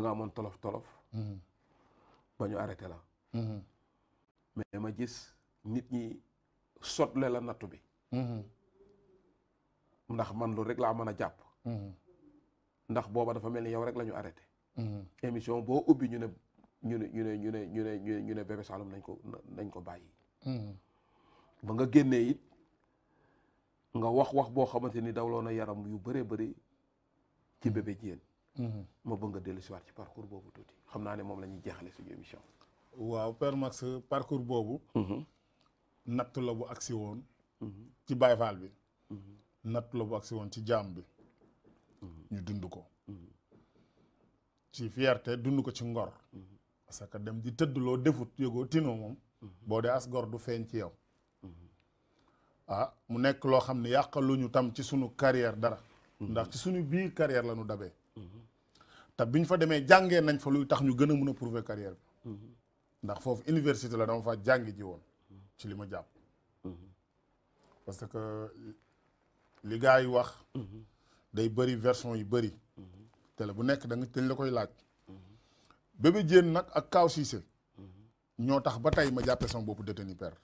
da nga tolof tolof. Mhm. ba ñu arrêté la. Mhm. mais ma gis nit ñi sotle la nattu bi. Mhm. ndax man lu rek laa mën a jàpp. ndax booba dafa mel ni yow rek lañu ñu arrêté. boo ubbi ñu ne ñu ne ñu ne ñu ne ñu ne ñu ne Bébé Saloum nañ ko bàyyi. ba nga génnee it nga wax wax boo xamante ni daw dawloo na yaram yu bëree bëri ci bébé Diène. Mm-hmm. ma bëgg nga dellu siwaat ci parcours boobu tuuti xam naa ne moom la ñuy jeexale suñu émission waaw Père Max parcours boobu mm-hmm. natt la bu agsi woon mm-hmm. ci Baye bi natt la bu agsi woon ci jaam bi ñu dund ko ci fierté dund ko ci ngor parce que dem di tëdd loo defut yëgoo tinoo moom boo dee as gor du feeñ ci yow ah mu nekk loo xam ne yàqaluñu tam ci suñu carrière dara ndax ci suñu biir carrière la ñu dabee bi ñu fa demee jàngee nañ fa luy tax ñu gën a mun a prouver carrière bi mhm. ndax foofu université la dama fa jàngi ji woon ci li ma jàpp mhm. parce que li gars yi wax mhm. day bëri version yu bëri tele bu nekk da nga dañ la koy laaj Bébé Diène nag ak Kaaw Cissé ñoo tax ba tey ma jàppee sama bopp détenu père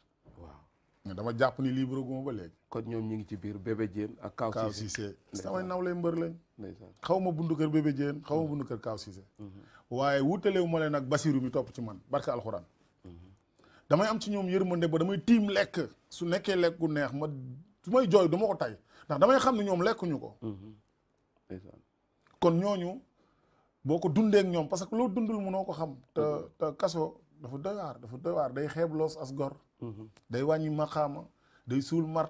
dama jàpp ni libre guma ba léegi. kon ñoom ñu ngi ci biir Bébé Diène ak. Kaaw Cissé samay naw lay mbër lañ. xaw ma bundu kër Bébé xaw ma bundu kër Kaaw Cissé. Mhm. waaye wutalewu ma leen ak Basiru mi topp ci man barke alxuraan. Mhm. damay am ci ñoom ma yërmande ba damay tiim lekk su nekkee lekk gu neex ma su may jooy dama ko tay ndax damay xam ne ñoom lekkuñu ko. Mhm. kon ñooñu boo ko dundeek ñoom parce que loo dundul mënoo ko xam. te te kaso dafa doy waar dafa doy day xeeb loos as gor. day wàññi maqaama day suul ba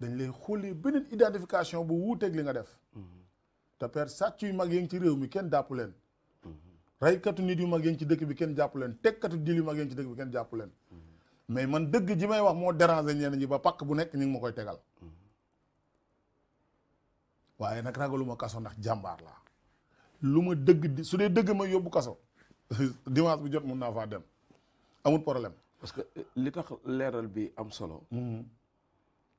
dañ lay xoolee beneen identification bu wuuteeg li nga def. te per sàcc yu mag yi ci réew mi kenn dàppu leen. raykatu nit yu mag yi ci dëkk bi kenn jàpp leen tekkatu dil mag yi ci dëkk bi jàpp leen. mais man dëgg ji may wax moo déranger ñeneen ñi ba pàkk bu nekk ñu ngi ma koy tegal. waaye nag ragaluma kaso ndax jàmbaar la lu ma dëgg di su dee dëgg ma yóbbu kaso. dimanche bi jot mun naa faa dem amul problème. parce que euh, li tax leeral bi am solo. Mm-hmm.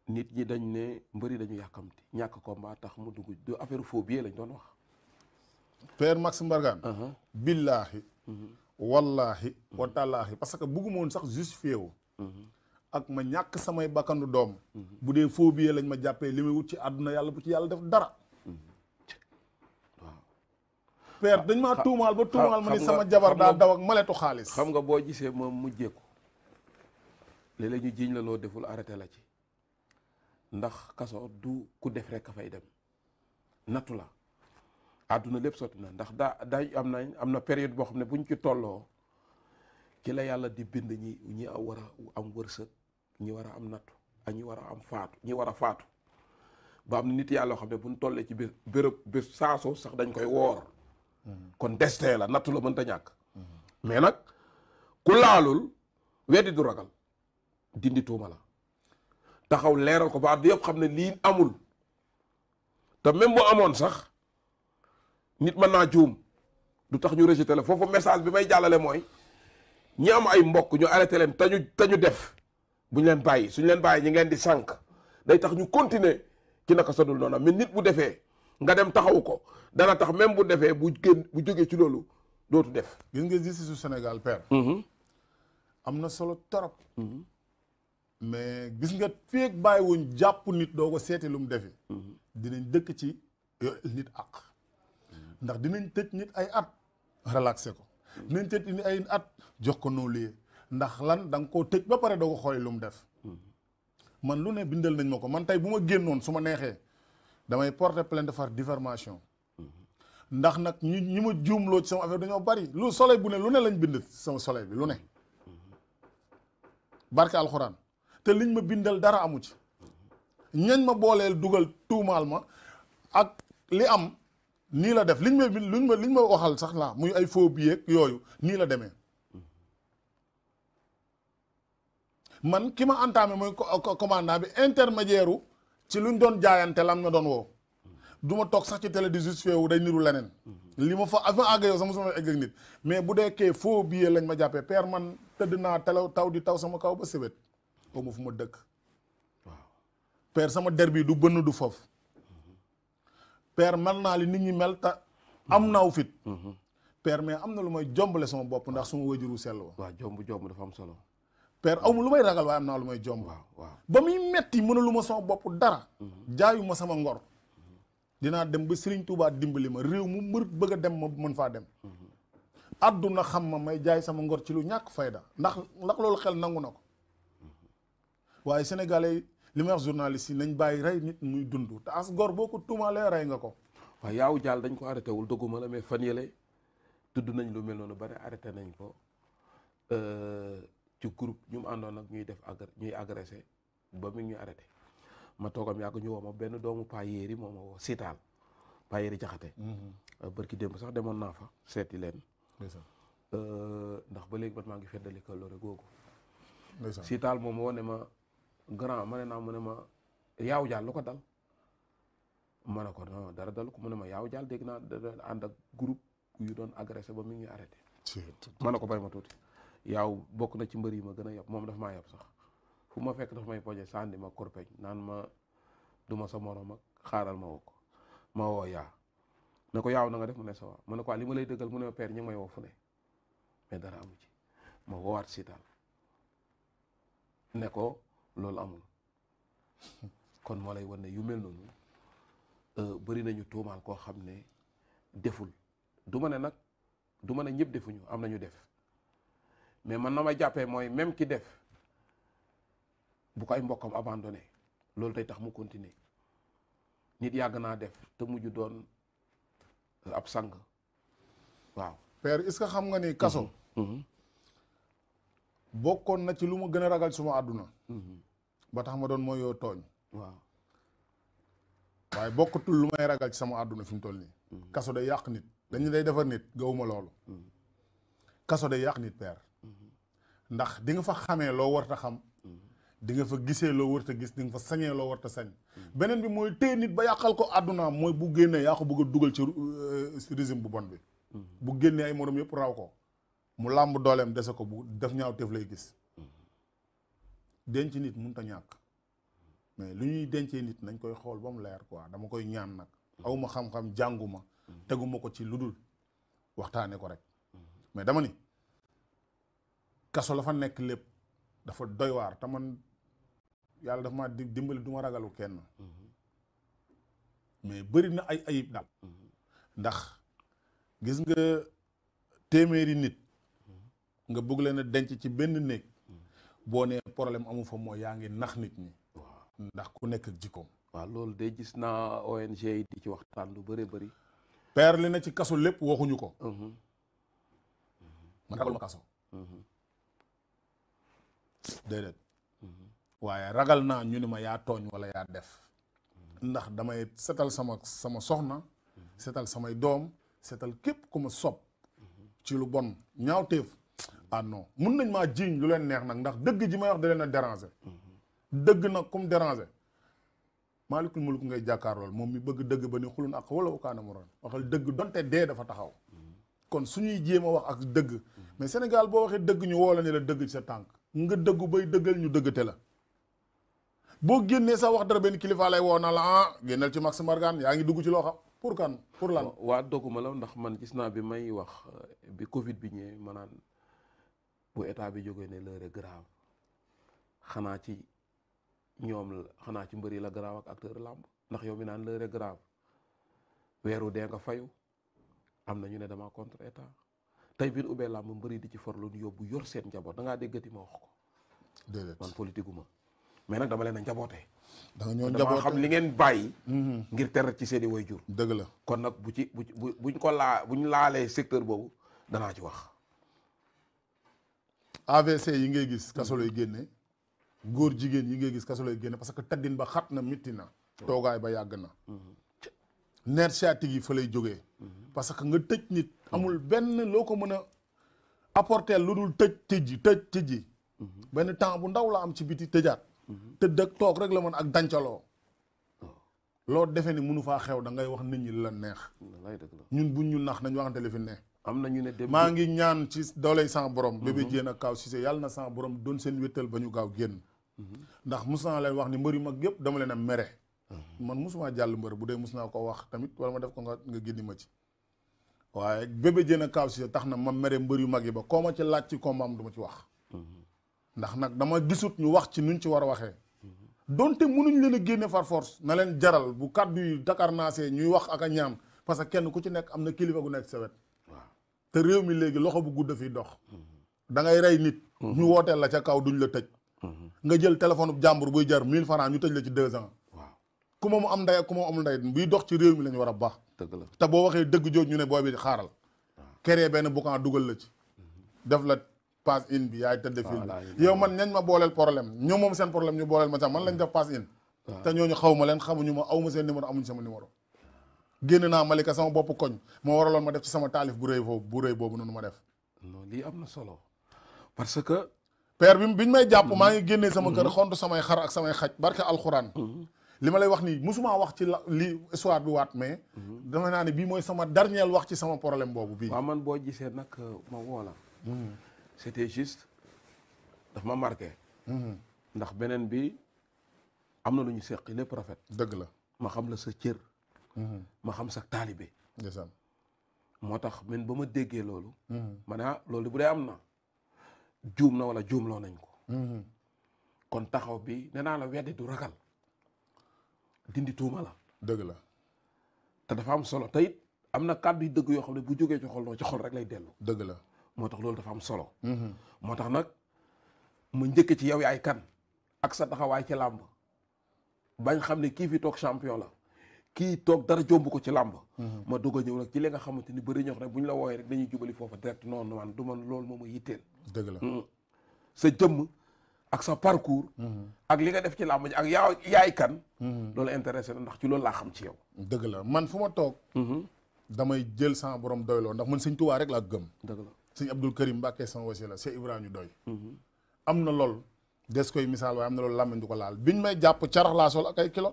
nit ñi dañ ne mbëri dañu yàkkamti ñàkk ko combat tax mu dugg du affaire phobie lañ doon wax. père Max Mbargane. Uh-huh. billaahi. Mm-hmm. wallaahi. Mm-hmm. wataalaahi parce que bugguma woon sax justifié wu. ak ma ñàkk samay bakkanu doom. bu dee phobie lañ ma jàppee li may wut ci àdduna yàlla bu ci yàlla def dara. père dañ maa tuumaal ba tuumaal ma ni sama jabar daa daw ak maletu xaalis xam nga boo gisee ma mujjeeku léeg-léeg jiiñ la loo deful arrêté la ci ndax kaso du ku def rek fay dem nattu la àdduna lépp sotti na ndax daa daa am nañ am na période boo xam ne buñ ci tolloo ki la yàlla di bind ñi ñi war a am wërsëg ñi war a am nattu ak ñi war a am faatu ñi war a faatu ba am nit yàlla xam ne buñ tollee ci bés bërëb bés saasoo sax dañ koy woor kon destin la nattu la mënta ñàkk mais nag ku laalul weddi du ragal dindi tuuma la taxaw leeral ko ba àdduna yëpp xam ne lii amul te même bu amoon sax nit mën naa juum du tax ñu rejeté la foofu message bi may jàllale mooy ñi am ay mbokk ñu arrêté leen te ñu te ñu def bu ñu leen bàyyi suñu leen bàyyi ñu ngi leen di sànq day tax ñu continuer ci naka sadul noonu mais nit bu defee nga dem taxawu ko dana tax même bu defee bu génn bu jógee ci loolu dootu def. gis nga justice su Sénégal père. Mhm. am na solo trop. mais gis nga feeg bàyyiwuñ jàpp nit doo ko seeti lu mu defi. Mhm. dinañ dëkk ci euh, nit ak. ndax dinañ tëj nit ay at relaxé ko. Mhm. dinañ tëj nit ay at jox ko non lieu ndax lan da koo tëj ba pare doo ko xooli lu mu def. man lu ne bindal nañ ma ko man tey bu ma génnoon su ma neexee damay porter plainte de faire diffamation ndax nag ñu ñi ma juumloo ci sama affaire dañoo bari lu soleil bu ne lu ne lañ bind sama soleil bi lu ne barke alxuraan te liñ ma bindal dara amu ci ñañ ma booleel dugal tuumaal ma ak li am nii la def liñ ma liñ ma liñ waxal sax naa muy ay faux billets yooyu nii la demee man ki ma entamé mooy commandant bi intermédiaire ci luñ doon jaayante lam na doon woo du ma toog sax ci télé di justifié wu day niru leneen. li ma fa avant àgg yow sama sama egg ak nit mais bu dee foo faux billet lañ ma jàppee père man tëdd naa talaw taw di taw sama kaw ba sëbet xaw ma fu ma dëkk. waaw sama der du bënn du foofu. père mel naa li nit ñi mel am mm-hmm. naaw fit. Mm-hmm. père mais am na lu may jombale sama bopp ndax suma wajuru sell wa. waaw jomb jomb dafa am solo. père aw ma lu may ragal waaye am naa lu may jomb. waaw waaw ba muy metti ma sama bopp dara. Mm-hmm. jaayuma sama ngor. dinaa dem ba Serigne Touba dimbali ma réew mu mër bëgga dem ma bu mën faa dem. àdduna xam ma may jaay sama ngor ci lu ñàkk fayda ndax ndax loolu xel nangu na ko waaye sénégalais li may wax journaliste yi nañ bàyyi rey nit muy dund te as gor boo ko tuumaalee rey nga ko. waaye yaaw jaal dañ ko arrêté wul dëgguma la mais fan yële tudd nañ lu mel noonu bari arrêté nañ ko euh, ci groupe ñu àndoon ak ñuy def agr ñuy agressé ba mu ngi ñuy arrêté. ma toogam yàgg ñu ma benn doomu Paa Yéeri moo ma woo Sitaal Paa Yéeri Jaxate mm-hmm. barki démb sax demoon naa fa seeti leen. Euh, ndax ba léegi bat maa ngi feddali kaloore googu. Sitaal moom woo ne ma grand ma ne naa mu ne ma yaaw jaal lu ko dal. ma ne ko non dara dalu ko mu ne ma yaaw jaal dégg naa ànd groupe yu doon agressé ba mi ngi arrêté. ma ne ko bay ma tuuti yaaw bokk na ci mbër yi ma gën a yab moom daf maa yab sax. fu ma fekk dafa may poñe sànni ma kurpeñ naan ma duma sa morom ak xaaral ma woo ko ma woo yaa ne ko yaaw na nga def mu ne sa waa mu ne ko li ma lay dëggal mu ne ma père ñu may woo fu ne mais dara amu ci ma woowaat sitaan ne ko loolu amul kon moo lay wan ne yu mel noonu euh, bëri nañu tuumaal koo xam ne deful du ma ne nag du ma ne ñëpp defuñu am nañu def mais man na ma jàppee mooy même ki def bu ko ay mbokkam abandonné loolu day tax mu continuer nit yàgg naa def te mujj doon ab sang waaw. père est-ce que xam nga ni kaso. Mhm. Mhm. bokkoon na ci lu ma gën a ragal suma àdduna. Mhm. ba tax ma doon mooy yoo tooñ. waaw waaye bokkatul ragal ci sama àdduna fi mu toll nii. kaso day yàq nit dañ day defar nit gawuma loolu. kaso day yàq nit père. ndax di fa xamee loo warta xam. di nga fa gisee loo warta gis di nga fa sañee loo warta sañ beneen bi mooy téye nit ba yàqal ko àdduna mooy bu génnee yaa ko bëgg dugal euh, ci régime bu bon bi bu génnee ay moroom yëpp raw ko mu làmb dooleem dese ko bu def ñaaw teef lay gis denc nit mënut a ñàkk mais lu ñuy dencee nit nañ koy xool ba mu leer quoi dama koy ñaan nag awma xam-xam jànguma teguma ko ci lu dul waxtaane ko rek mais dama ni kaso la fa nekk lépp dafa doy waar te man yàlla dafa ma dimbali duma ragalu kenn mm-hmm. mais bëri na ay ayib daal mm-hmm. ndax gis nga téeméeri nit mm-hmm. nga bëgg leen a denc ci benn néeg boo nee problème amu fa mooy yaa ngi nax nit ñi ndax ku nekk ak jikkoom waaw loolu de gis naa ONG yi di ci waxtaan lu bëri bëri peer na ci kaso lépp waxuñu ko man ragalu ma kaso déedéet waaye ragal naa ñu ni ma yaa tooñ wala yaa def ndax damay setal sama sama soxna setal samay doom setal képp ku ma sopp ci lu bon ñaawteef ah non mun nañ maa jiiñ lu leen neex nag ndax dëgg ji may wax da leen derange dëgg na comme déranger maalikul mulk ngay jàkkaar lool moom mi bëgg dëgg ba ni xulun ak wala ukaana mu ron waxal dëgg donte dee dafa taxaw kon suñuy jéem a wax ak dëgg mais Sénégal boo waxee dëgg ñu woo la ne la dëgg ci sa tànk nga dëggu bay dëggal ñu dëggate la boo génnee sax wax dara benn kilifa lay woo na la ah génneel ci Max Mbargane yaa ngi dugg ci loxo pour kan pour lan. waa dogguma la ndax man gis naa bi may wax bi Covid bi ñëwee manaan naan bu état bi jógee ne l'heure grave xanaa ci ñoom la xanaa ci mbëri la grave ak acteur làmb ndax yow mi naan l'heure est grave weeru dee nga fayu am na ñu ne dama contre état. tey biir ubbee làmb mbëri di ci farlu ñu yóbbu yor seen njaboot da ngaa déggati ma wax ko. déedéet man politique ma mais nag dama leen a njabootee. da nga ñoo njabootee xam li ngeen bàyyi. Mm-hmm. ngir ter ci seen i waajur. dëgg la kon nag bu ci bu buñ ko laa buñ laalee secteur boobu danaa ci wax. AVC yi ngay gis kaso lay génne góor jigéen yi ngay gis kaso lay génne parce que taddin ba xat na mitti na. Oh. toogaay ba yàgg na. Mm-hmm. nerf sciatique yi fa lay jógee. parce que nga tëj nit. amul benn loo ko mën a apporter lu dul tëj tëjji tëj tëjji. benn temps bu ndaw la am ci biti tëjaat. tëdd ak toog rek la mën ak dancaloo. loo defee ni mënu faa xew da ngay wax nit ñi la neex. ñun buñ ñu nax nañ wax li fi neex. am na ñu ne maa ngi ñaan ci dooley sans borom. Mhm. bébé jéen ak Kaaw Cissé yàlla na sans borom doon seen wéttal ba ñu gaaw génn. Mhm. ndax mos naa leen wax ni mbër yu mag yëpp dama leen a mere. man mosuma jàll mbër bu dee mos naa ko wax tamit wala ma def ko nga nga génni ma ci waaye bébé jën a kaaw si tax na ma mere mbër yu mag yi ba koo ma ci laaj ci kombaam du ma ci wax ndax nag dama gisut ñu wax ci nuñ ci war a waxee donte mënuñ leen a génne far force na leen jaral bu kàddu yi Dakar naasee ñuy wax ak a ñaan parce que kenn ku ci nekk am na kilifa gu nekk sa wet te réew mi léegi loxo bu gudd fi dox da ngay rey nit ñu wooteel la ca kaw duñu la tëj nga jël téléphone bu jàmbur buy jar mille francs ñu tëj la ci deux ans ku ma mu am nday ak ku ma amul nday buy dox ci réew mi la ñu war a baax te boo waxee dëgg jooj ñu ne booy bi xaaral kéré benn boucan dugal la ci mhm. def la pass in bi yaay tëdd film yow man ñañ ma booleel problème ñoom moom seen problème ñu booleel ma sax man lañ def pass in te xaw ma leen xamuñu ma aw ma seen numéro amuñu sama numéro génn naa Malika sama bopp koñ moo waraloon ma def ci sama taalif bu rëy foofu bu rëy boobu noonu ma def non lii solo parce que père bi ñu may jàpp mm-hmm. maa ngi génnee sama kër mm-hmm. xontu samay xar ak samay xaj barke alxuraan mm-hmm. li ma lay wax nii musuma wax ci la li histoire bi waat mais. Mhm. dama naa ne bii mooy sama dernier wax ci sama problème boobu bii. waaw man boo gisee nag euh, ma woo la. Mhm. c'était juste daf ma marqué. Mhm. ndax beneen bi am na lu ñu seqi lépp rafet. dëgg la ma xam la sa cër. ma xam sa taalibe. ndeysaan moo tax man ba ma déggee loolu. ma ne ah loolu bu dee am na. juum na wala juumloo nañ ko. kon taxaw bi nee naa la weddi du ragal. dindi tuuma la. dëgg la te dafa am solo te it am na kàddu yi dëgg yoo xam ne bu jógee ci xol noo ci xol rek lay dellu. dëgg la moo tax loolu dafa am solo. Mm-hmm. moo tax nag mu njëkk ci yow yaay kan ak sa daxawaay ci làmb bañ xam ne kii fi toog champion la kii toog dara jomb ko ci làmb. Mm-hmm. ma doog a ñëw nag ci li nga xamante ni bëri ñoo xam bu ñu la wooyee rek dañuy jubali foofa direct noonu man man loolu moom a yitteel. dëgg la mm. sa jëmm. ak sa parcours. ak li nga def ci làmb ji ak yaa yaay kan. loolu intéressé la ndax ci loolu laa xam ci yaw dëgg la man fu ma toog. Mhm. damay jël sama borom doyloo ndax man sëñ Tuubaa rek laa gëm. dëgg la sëñ Abdul Karim Mbàkke sama wasila Cheikh Ibrahima doy. Mhm. am na lool des koy misaal waaye am na loolu làmmiñ du ko laal biñ may jàpp carax laa sol ak ay kilo.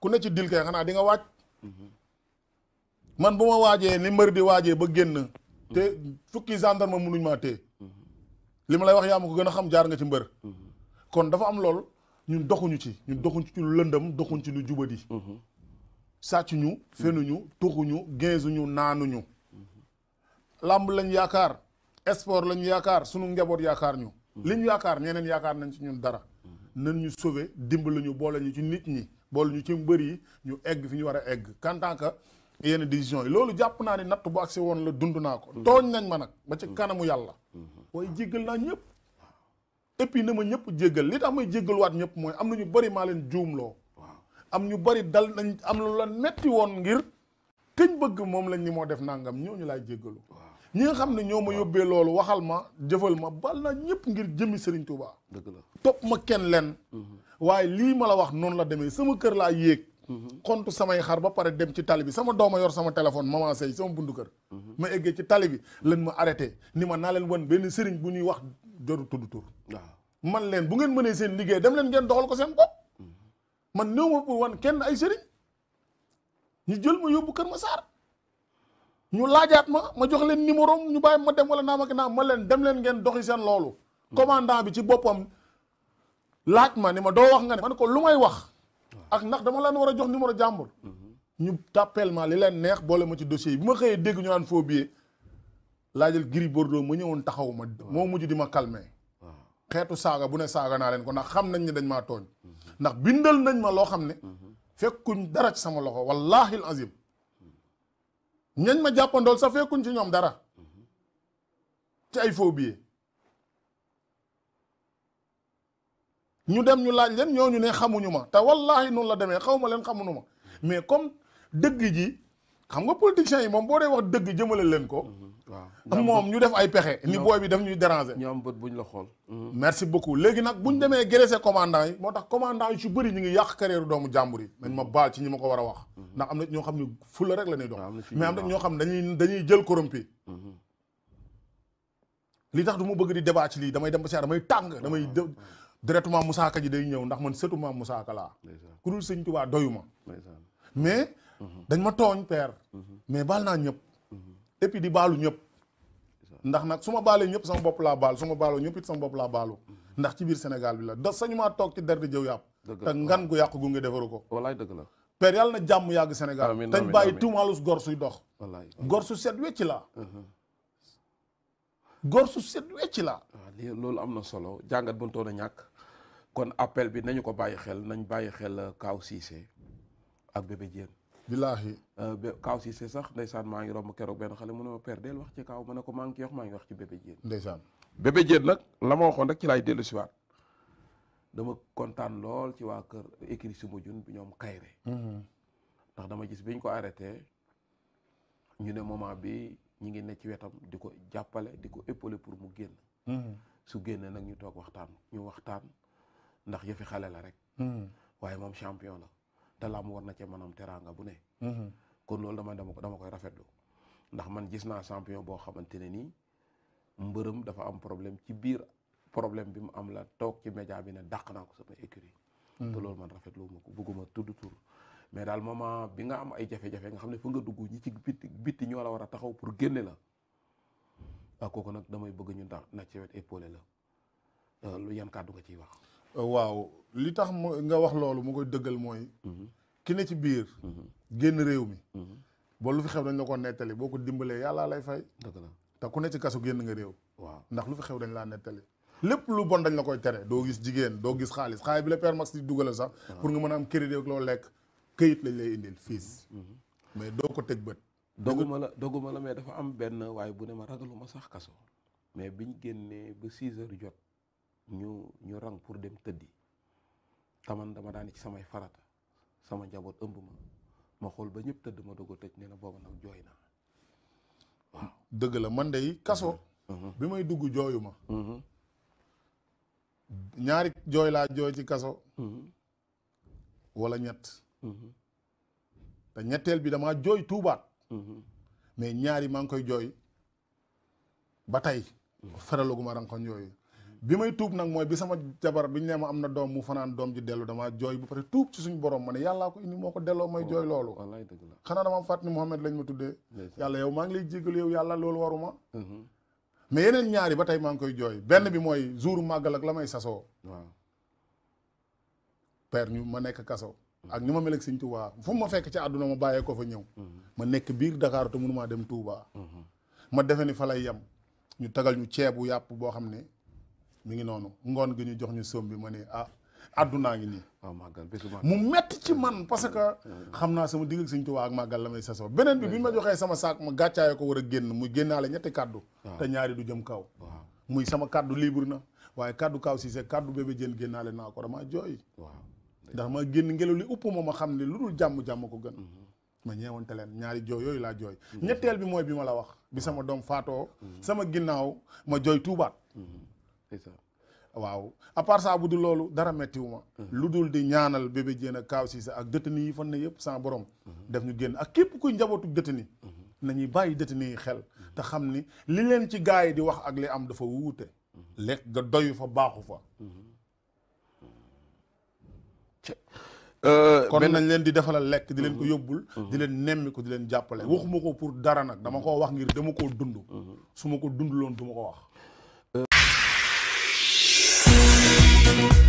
ku ne ci dil kay xanaa di nga waaj. Mhm. man bu ma waajee ni mbër di waajee ba génn. te fukki gendarme mënuñ maa téye. li ma lay wax yaa ma gën xam jaar nga ci mbër. kon dafa am lool ñun doxuñu ci ñun doxuñ ci lu lëndëm doxuñ ci lu jubadi mhm. sàccuñu fenuñu tuxuñu géezuñu naanuñu làmb lañ yaakaar esport lañ yaakaar sunu njaboot yaakaar ñu mhm. liñ yaakaar ñeneen yaakaar nañ ci ñun dara mhm. nan ñu sauver dimbali ñu boole ñu ci nit ñi boole ñu ci mbër ñu egg fi ñu war a egg en tant que yenn décision yi loolu jàpp naa ni natt bu agsi woon la dund naa ko tooñ nañ ma nag ba ci kanamu yàlla waaye jéggal naa ñëpp et puis na ma ñëpp jéggal li tax may jéggaluwaat ñëpp mooy am na ñu bëri maa leen juumloo. am ñu bari dal nañ am lu la metti woon ngir. këñ bëgg moom lañ ni moo def nangam ñu laay jéggalu. ñi nga xam ne ñëw ma yóbbee loolu waxal ma jëfal ma bal na ñëpp ngir jëmmi Serigne Touba. dëgg la topp ma kenn leen. Mhm. waaye lii ma la wax noonu la demee sama kër laa yéeg. xontu mhm. samay xar ba pare dem ci tali bi sama dooma yor sama téléphone maman Seye sama bundu kër. Mhm. ma eggee ci tali bi lan ma arrêté ni ma naa leen benn Serigne bu ñuy wax joru tudd tur man leen bu ngeen mënee seen liggéey dem leen ngeen doxal ko seen bopp man néew ma pour wan kenn ay sëriñ ñu jël ma yóbbu Kër Massar ñu laajaat ma ma jox leen numéro ñu bàyyi ma dem walla naa ma ki naa ma leen dem leen ngeen doxi seen loolu commandant bi ci boppam laaj ma ni ma doo wax nga ne man ko lu may wax ak ndax dama leen war a jox numéro jàmbur mhm. ñu tàppeel ma li leen neex boole ma ci dossier yi bi ma xëyee dégg ñu naan faux laajal Gris Bordeaux ma ñëwoon taxaw ma. moo mujj di ma calmer. xeetu saaga bu ne saaga naa leen ko ndax xam nañ ne dañ maa tooñ. Mhm. ndax bindal nañ ma loo xam ne. Mhm. fekkuñ dara sama loxo wallaahi azim. Mhm. ñañ ma jàppandool sax fekkuñ ci ñoom dara. ci ay faux billets. ñu dem ñu laaj leen ñooñu ne xamuñu ma te wallaahi noonu la demee xaw ma leen xamuñu ma mais comme dëgg ji. xam nga politiciens yi moom boo dee wax dëgg jëmale leen ko. Mm-hmm. waaw moom ñu def ay pexe. ni booy bi daf ñuy déranger. ñu am bët buñ la xool. Mm-hmm. merci beaucoup léegi nag bu ñu demee graisser commandant yi moo tax commandant yi su bëri ñu ngi yàq carrière doomu jàmbur yi. nañ ma baal ci ñi ma ko war a wax. Mm-hmm. ndax am na ñoo xam ne fulla rek la ñuy dox. mais am na ñoo xam dañuy dañuy jël corrompi. li tax du ma bëgg di débat ci lii damay dem ba si damay tàng damay. Ah, ah. directement Moussa Ka ji day ñëw ndax man sëtu Moussa Ka laa. ku dul sëñ Tuubaa doyuma mais dañ ma tooñ per mais baal naa ñëpp et di baalu ñëpp ndax nag su ma baalee ñëpp sama bopp laa baal su ma baaloo ñëpp it sama bopp laa baalu ndax ci biir Sénégal bi la da sañu maa toog ci der di jëw yàpp te ngan gu gu nga defaru ko wallaay dëgg la père yàlla na jàmm yàgg Sénégal dañ bàyyi tuumaalus gor suy dox gor su set wecci la uh-huh. gor su set wecci la ah, loolu am na solo jàngat bu toon a ñàkk kon appel bi nañu ko bàyyi xel nañ bàyyi xel euh, Kaaw Cissé ak bébé billaahi euh, Kaaw Cissé sax ndeysaan maa ngi romb keroog benn xale mu ne ma père del wax ci Kaaw ma ne ko maa ngi wax maa ngi wax ci bébé jën ndeysaan bébé Diène nag la ma waxoon rek ci laay dellu si waat dama kontaan lool ci waa kër écrit si mujjun bi ñoom kayre mm-hmm. ndax dama gis biñ ko arrêté ñu ne moment bi ñu ngi ne ci wetam di ko jàppale di ko éppale pour mu génn mm-hmm. su génnee nag ñu toog waxtaan ñu waxtaan ndax yëfi xale la rek mm-hmm. waaye moom champion la te làmb war na cee maanaam teraanga bu ne. Mhm. kon loolu dama dama dama koy rafetlu ndax man gis naa champion boo xamante ne nii mbërëm dafa am problème ci biir problème bi mu am la toog ci média bi ne dàq naa ko sama écurie. Mhm. te loolu man rafetlu ma ko bëgguma tudd tur. mais daal moment bi nga am ay jafe-jafe nga xam ne fa nga dugg ñu ci bitti bitti ñoo la war a taxaw pour génne la ah kooku nag damay bëgg ñu ndax na ci wet épaulé la euh, lu yan kàddu nga ciy wax. waaw li tax nga wax loolu mu koy dëggal mooy. Mhm. ki ne ci biir. Mhm. génn réew mi. Mhm. ba lu fi xew dañ la ko nettali boo ko dimbalee yàlla lay fay. dëgg la te ku ne ci kaso génn nga réew. waaw ndax lu fi xew dañ laa nettali. lépp lu bon dañ la koy tere doo gis jigéen doo gis xaalis xaalis bi la Père Max di dugalal sax. pour nga mën a am crédit ak loo lekk këyit lañ lay indil fiis mais doo ko teg bët. doguma la doguma la mais dafa am benn waaye bu ne ma ragaluma sax kaso. mais biñ génnee ba 6 heures jot. ñu ñu rang pour dem tëddi taman dama daan ci samay farata sama njaboot ëmb ma ma xool ba ñëpp tëdd ma doog tëj nee na booba nag jooy naa waaw. dëgg la man de kaso. Mhm. bi may dugg jooyu ma. Mhm. ñaari jooy laa jooy ci kaso. Mhm. wala ñett. te ñetteel bi damaa jooy tuubaat. mais ñaari maa ngi koy jooy ba tey. faralaguma rankoon yooyu. bi may tuub nag mooy bi sama jabar bi ñu ne ma am na doom mu fanaan doom ji dellu damaa jooy bu pare tuub ci suñu borom ma ne yàllaa ko indi moo ko delloo may jooy loolu xanaa dama fàtt ni Mouhamed lañ ma tuddee yàlla yow maa ngi lay jégal yow yàlla loolu waruma mm-hmm. mais yeneen ñaari ba tey maa ngi koy jooy benn bi mooy jour màggal ak la may sasoo waaw ma nekk kaso mm-hmm. ak ni ma mel ak sëñ Tuubaa fu ma fekk ci àdduna ma bàyyee ko fa ñëw mm-hmm. ma nekk biir Dakar te mënumaa dem Tuubaa ma defe ni fa lay yem ñu tagal ñu ceebu yàpp boo xam ne mu ngi noonu ngoon gi ñu jox ñu soom bi ma ne ah àddunaa ngi nii. waaw oh màggal bésu màggal mu metti ci man parce que. xam naa sama digg Sëñ Tuubaa ak màggal la may sasoo beneen bi bi ma joxee sama saak ma gàccaayo ko war a mu génnaale ñetti kàddu du jëm kaw. muy sama kàddu libre na waaye kàddu kaw si c'est kàddu bébé jën génnaale naa ko damaa jooy. ndax ma génn ngelaw li upp ma ma xam ne lu dul jàmm ko gën. Mm-hmm. ma ñeewante leen ñaari jooy yooyu laa jooy. Mm-hmm. ñetteel bi mooy bi ma la wax bi sama doom faatoo. Mm-hmm. sama ginnaaw ma jooy tuubaat. waaw à part bu dul loolu dara méttiwuma lu dul di ñaanal bébé Diène Kaaw Cissé ak détenu yi fan ne yëpp sana borom def ñu génn ak képp kuy njabootu détenu nañuy bàyyi détenu yi xel te xam ni li leen ci gaa yi di wax ak li am dafa wuute lekk ga doyu fa baaxu fa euh, kon nañ leen di defalal lekk di leen ko mhm. yóbbul mhm. di leen nemmi ko di leen jàppale waxuma ko pour dara nag dama koo wax ngir dama koo dund mhm. su ma ko dund loon du ma ko wax Thank you